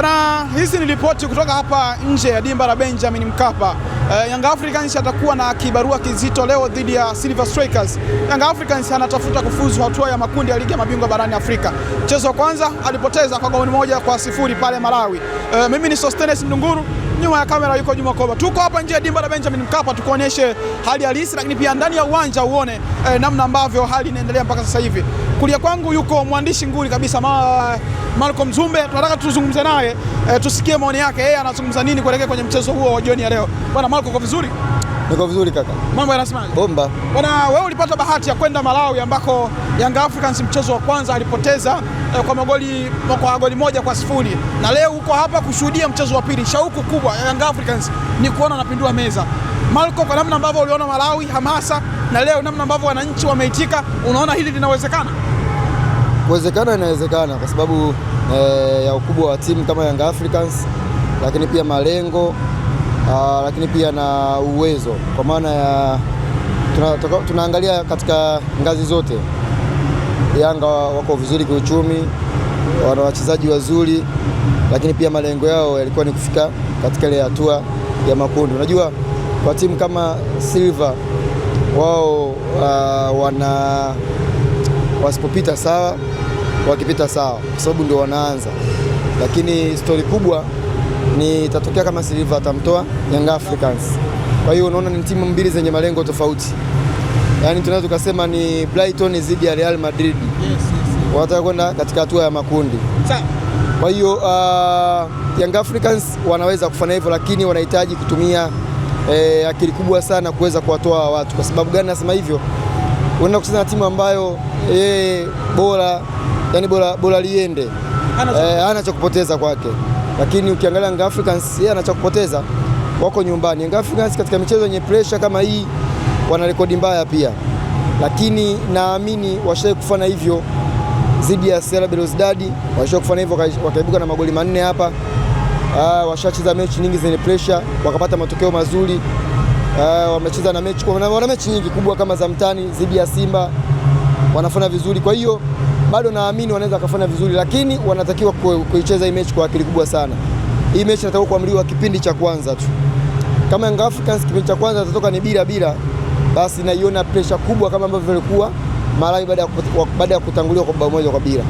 Bwana, hizi ni ripoti kutoka hapa nje ya dimba la Benjamin Mkapa. Uh, Young Africans atakuwa na kibarua kizito leo dhidi ya Silver Strikers. Young Africans anatafuta kufuzu hatua ya makundi ya ligi ya mabingwa barani Afrika. Mchezo wa kwanza alipoteza kwa goli moja kwa sifuri pale Malawi. Uh, mimi ni Sostenes Mdunguru nyuma ya kamera yuko Juma Koba. Tuko hapa nje ya dimba la Benjamin Mkapa tukuonyeshe hali halisi, lakini pia ndani ya uwanja uone eh, namna ambavyo hali inaendelea mpaka sasa hivi. Kulia kwangu yuko mwandishi nguli kabisa ma, Malcolm Zumbe. Tunataka tuzungumze naye eh, tusikie maoni yake yeye, eh, anazungumza nini kuelekea kwenye mchezo huo wa jioni ya leo. Bwana Malcolm, kwa vizuri Niko vizuri kaka. Mambo yanasemaje? Bomba. Bwana wewe ulipata bahati ya kwenda Malawi ambako Young Africans mchezo wa kwanza alipoteza eh, kwa magoli kwa goli moja kwa sifuri na leo uko hapa kushuhudia mchezo wa pili. Shauku kubwa ya Young Africans ni kuona anapindua meza. Marco, kwa namna ambavyo uliona Malawi hamasa na leo namna ambavyo wananchi wameitika, unaona hili linawezekana? Kuwezekana inawezekana kwa sababu eh, ya ukubwa wa timu kama Young Africans, lakini pia malengo uh, lakini pia na uwezo kwa maana ya tuna, tunaangalia katika ngazi zote. Yanga wako vizuri kiuchumi, wana wachezaji wazuri, lakini pia malengo yao yalikuwa ni kufika katika ile hatua ya makundi. Unajua, kwa timu kama Silver wao uh, wana wasipopita sawa, wakipita sawa, kwa sababu ndio wanaanza, lakini stori kubwa nitatokea kama Silva atamtoa Young Africans. Kwa hiyo unaona ni timu mbili zenye malengo tofauti, yaani tunaweza tukasema ni Brighton dhidi ya Real Madrid. Yes, yes, yes. Wanataka kwenda katika hatua ya makundi. Kwa hiyo uh, Young Africans wanaweza kufanya hivyo, lakini wanahitaji kutumia eh, akili kubwa sana kuweza kuwatoa watu. Kwa sababu gani nasema hivyo? Unaenda kucheza na timu ambayo yeye eh, bora yani bora bora liende, ana eh, cha kupoteza kwake lakini ukiangalia Young Africans yeye anacha kupoteza, wako nyumbani. Young Africans katika michezo yenye pressure kama hii wana rekodi mbaya pia, lakini naamini washawahi kufanya hivyo dhidi ya Sera Belouizdad, washawahi kufanya hivyo wakaibuka na magoli manne hapa. Uh, ah, washacheza mechi nyingi zenye pressure wakapata matokeo mazuri. Uh, wamecheza na mechi, wana mechi nyingi kubwa kama za mtani dhidi ya Simba wanafanya vizuri, kwa hiyo bado naamini wanaweza wakafanya vizuri, lakini wanatakiwa kuicheza hii mechi kwa akili kubwa sana. Hii mechi inatakiwa kuamriwa kipindi cha kwanza tu. Kama Young Africans kipindi cha kwanza atatoka ni bila bila, basi naiona pressure kubwa kama ambavyo ilikuwa Malawi baada ya kutanguliwa kwa bao moja kwa bila.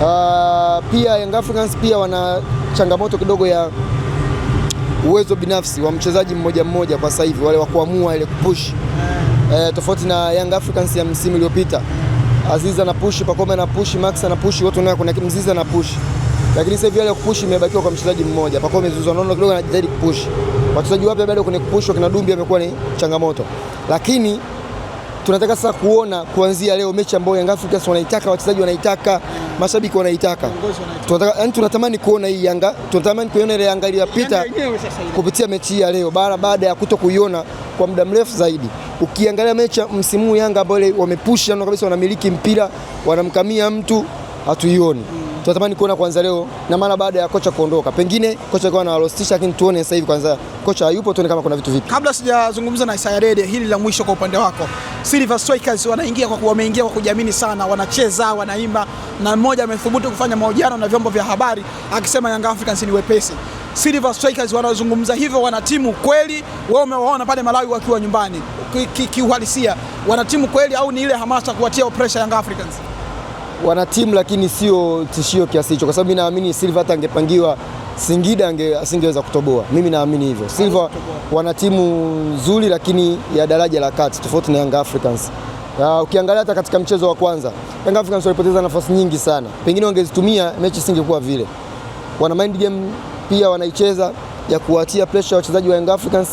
Uh, pia Young Africans pia wana changamoto kidogo ya uwezo binafsi wa mchezaji mmoja mmoja kwa sasa hivi, wale wa kuamua ile kupush, uh, tofauti na Young Africans ya msimu uliopita. Aziz anapushi, Pacome anapushi, Max anapushi, wote nao kuna Mzizi pushi Lakini sasa hivi ile kupushi imebakiwa kwa mchezaji mmoja. pakome Zouzoua anaona kidogo anajitahidi kupushi. Wachezaji wapya bado kwenye kupushwa kina Dumbi amekuwa ni changamoto. Lakini tunataka sasa kuona kuanzia leo mechi ambayo yanga Africans wanaitaka, wachezaji wanaitaka, mashabiki wanaitaka, tunataka yani, tunatamani kuona hii Yanga, tunatamani kuiona ile Yanga iliyopita kupitia mechi hii ya leo, bara baada ya kuto kuiona kwa muda mrefu zaidi. Ukiangalia mechi ya msimu Yanga ambayo wamepusha kabisa, wanamiliki mpira, wanamkamia mtu, hatuioni tunatamani kuona kwanza leo na maana baada ya kocha kuondoka, pengine kocha alikuwa anawalostisha, lakini tuone sasa hivi kwanza kocha hayupo, tuone kama kuna vitu vipi. Kabla sijazungumza na Isaya Dede, hili la mwisho kwa upande wako, Silver Strikers wanaingia kwa wameingia kwa kujiamini sana, wanacheza wanaimba, na mmoja amethubutu kufanya mahojiano na vyombo vya habari akisema Young Africans ni wepesi. Silver Strikers wanazungumza hivyo wana timu kweli? Wewe umewaona pale Malawi wakiwa nyumbani, kiuhalisia ki, ki, wana timu kweli au ni ile hamasa kuwatia pressure Young Africans? wana timu lakini sio tishio kiasi hicho, kwa sababu mimi naamini Silva hata angepangiwa Singida asingeweza kutoboa. Mimi naamini hivyo. Silva wana timu nzuri, lakini ya daraja la kati, tofauti na Young Africans. Uh, ukiangalia hata katika mchezo wa kwanza Young Africans walipoteza nafasi nyingi sana, pengine wangezitumia mechi singekuwa vile. Wana mind game pia wanaicheza ya kuwatia pressure wachezaji wa Young Africans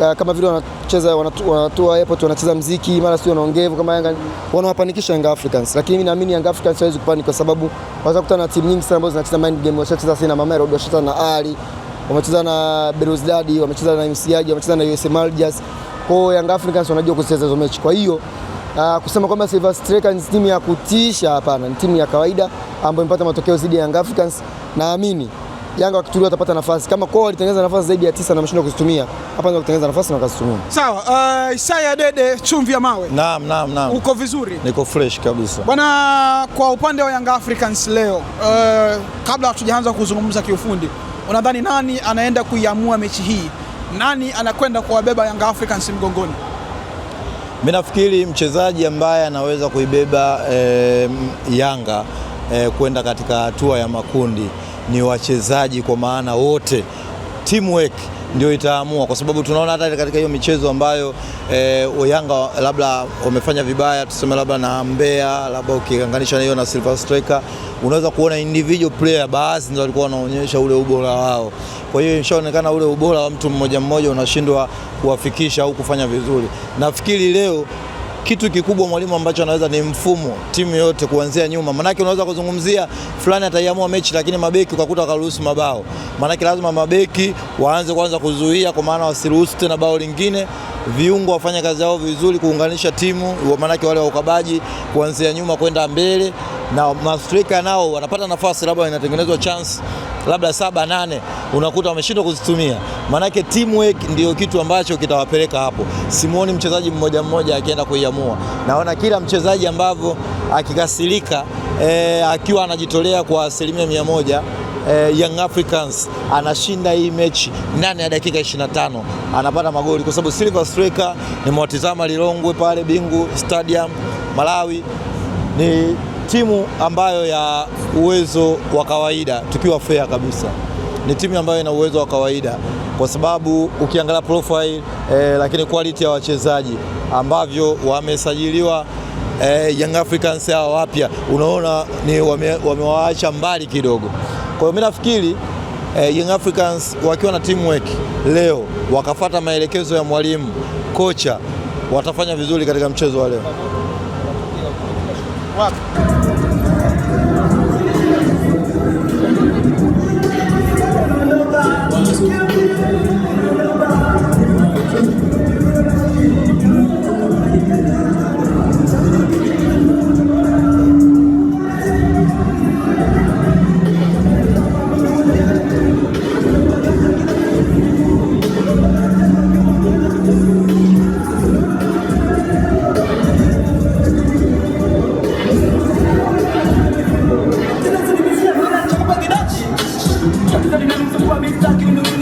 uh, kama vile wanacheza wanatoa airport wanacheza mziki mara sio wanaongea kama Yanga wanawapanikisha Yanga Africans, lakini mimi naamini Yanga Africans hawezi kupani kwa sababu waweza kukutana na timu nyingi sana ambazo zinacheza mind game. Washacheza sana Mama Mamelodi, washacheza na Ali, wamecheza na Belouizdad, wamecheza na MC wamecheza na USM Alger. Kwa hiyo Yanga Africans wanajua kucheza hizo mechi. Kwa hiyo uh, kusema kwamba Silver Strikers ni timu ya kutisha, hapana, ni timu ya kawaida ambayo imepata matokeo zidi ya Young Africans, naamini Yanga wakitulia watapata nafasi, kama kwao walitengeneza nafasi zaidi ya tisa na wameshindwa kuzitumia, hapa ndio kutengeneza nafasi na wakazitumia. Sawa. Uh, Isaya Dede, chumvi ya mawe. Naam, naam, naam. Uko vizuri? Niko fresh kabisa bwana. Kwa upande wa yanga Africans leo, uh, kabla hatujaanza kuzungumza kiufundi, unadhani nani anaenda kuiamua mechi hii? Nani anakwenda kuwabeba yanga Africans mgongoni? Mimi nafikiri mchezaji ambaye anaweza kuibeba eh, Yanga eh, kwenda katika hatua ya makundi ni wachezaji, kwa maana wote teamwork ndio itaamua, kwa sababu tunaona hata katika hiyo michezo ambayo e, Yanga labda wamefanya vibaya, tuseme labda na Mbeya, labda ukilinganisha hiyo na Silver Striker, unaweza kuona individual player baadhi ndio walikuwa wanaonyesha ule ubora wao. Kwa hiyo inshaonekana ule ubora wa mtu mmoja mmoja unashindwa kuwafikisha au kufanya vizuri. Nafikiri leo kitu kikubwa mwalimu ambacho anaweza ni mfumo timu yote kuanzia nyuma, manake unaweza kuzungumzia fulani ataiamua mechi, lakini mabeki ukakuta wakaruhusu mabao, manake lazima mabeki waanze kwanza kuzuia, kwa maana wasiruhusu tena bao lingine viungo wafanya kazi yao vizuri kuunganisha timu, maanake wale wa ukabaji kuanzia nyuma kwenda mbele, na mastrika nao wanapata nafasi, labda inatengenezwa chance labda saba nane, unakuta wameshindwa kuzitumia. Maanake teamwork ndio kitu ambacho kitawapeleka hapo. Simuoni mchezaji mmoja mmoja akienda kuiamua, naona kila mchezaji ambavyo akikasirika, e, akiwa anajitolea kwa asilimia mia moja eh, Young Africans anashinda hii mechi ndani ya dakika 25, anapata magoli kwa sababu Silver Striker nimewatizama Lilongwe pale Bingu Stadium Malawi, ni timu ambayo ya uwezo wa kawaida, tukiwa fair kabisa, ni timu ambayo ina uwezo wa kawaida kwa sababu ukiangalia profile eh, lakini quality ya wachezaji ambavyo wamesajiliwa eh, Young Africans hawa wapya, unaona ni wamewaacha wame mbali kidogo. Kwa hiyo mimi nafikiri eh, Young Africans wakiwa na teamwork leo wakafata maelekezo ya mwalimu kocha, watafanya vizuri katika mchezo wa leo. you know